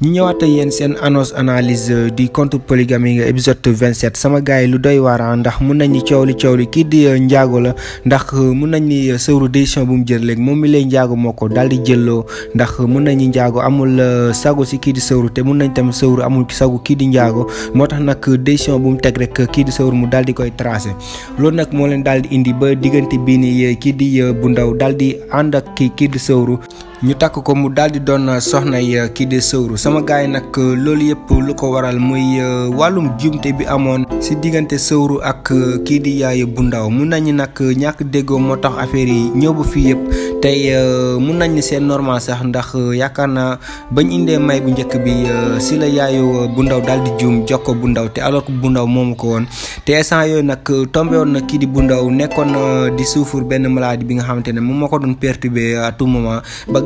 ñu ñëwaat yéen seen annonce analyse du compte polygamie épisode 27 sama gars yi lu doy waar ndax mun nañu coow li coow li kii di euh, njaago la ndax euh, mun nañ ni euh, sëwru décision bu mu jël léegi moom mi lay njaago moo ko daal di jëlloo ndax mun nañu njaago amul sago si kii di sëwru te mun nañ tam sëwru amul sago kii di njaago moo tax nag décision bu mu teg rek kii di sëwru mu daal di koy tracé loolu nag moo leen daal di indi ba diggante bii nii kii di bu ndaw daal di ànd ak kii kii di sëwru ñu takk ko mu daal di doon soxnay kii di sëwru sama gars yi nag loolu yëpp lu ko waral muy euh, wàllum jumte bi amoon si diggante sëwru ak euh, kii di yaay bu ndaw mun nañu nag ñàkk déggoo moo tax affaire yi ñëw bu fii yëpp tey euh, mun nañ ni seen normal sax ndax yaakaar na bañ indee may bu njëkk bi si la yaayu bu ndaw daal di juum jox ko bu ndaw te alors que bu ndaw moomu ko woon te instant yooyu nag tombé na kii di bu ndaw nekkoon di souffrir benn maladie bi nga xamante ne moom moo ko doon perturbé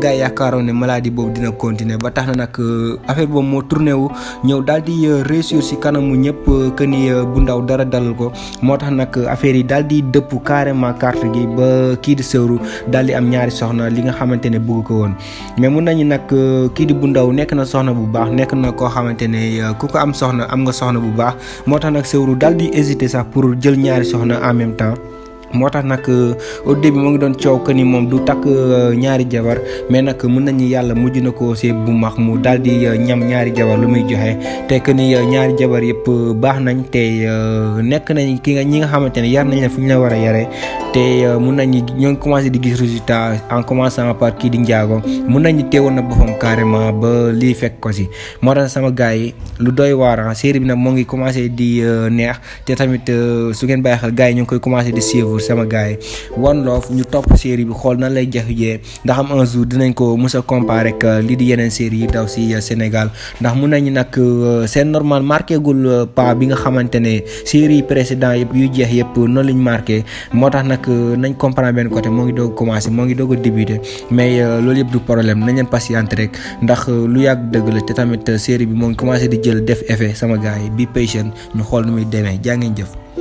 gars yi yaakaaroon ne maladie boobu dina continuer ba tax na nag euh, affaire boobu moo tourné wu ñëw daal di euh, réussir si kanamu ñëpp euh, que ni bu ndaw dara dalal ko moo tax nag affaire yi daal di dëpp carrément carte gi ba kii di sëwru daal di am ñaari soxna li nga xamante ne bëgg ko woon mais mun nañu nag kii di bu ndaw nekk na soxna bu baax nekk na koo xamante ne ku ko am soxna am nga soxna bu baax moo tax nag sëwru daal hésité sax pour jël ñaari soxna en même temps moo tax nag euh, au début mu ngi doon coow que moom du takk euh, ñaari jabar mais nag mën nañu yàlla mujj na ko see bu max mu daal di euh, ñam ñaari jabar lu muy joxe te que ni ñaari jabar yëpp baax nañ te nekk nañ ki nga ñi nga xamante ne yar nañ la fu ñu la war a yaree te mun nañu ñoo ngi commencé di gis résultat en commençant par kii di njaago mun nañu teewoon eh, na boppam carrément ba lii fekk ko si moo tax sama gars yi lu doy waar série bi nag moo ngi commencé di neex te tamit eh, su ngeen bàyyi xel gars yi ñu ngi koy commencé di suivre sama gars yi one love ñu topp série bi xool nan lay jafe-jee ndax am un jour dinañ ko mos a comparer ak eh, lii di yeneen série yi daw si Sénégal ndax nañu nag normal marqué gul pas bi nga xamante ne série précédent yëpp yu jeex yëpp noonu lañ marqué moo tax nag nañ comprendre benn côté moo ngi doog commencé moo ngi doog a débuté mais euh, loolu yëpp du problème nañ leen patienter rek ndax euh, lu yàgg dëgg la te tamit euh, série bi moo ngi commencé di jël def effet sama gars yi bi patient ñu xool nu muy demee jaa ngeen jëf.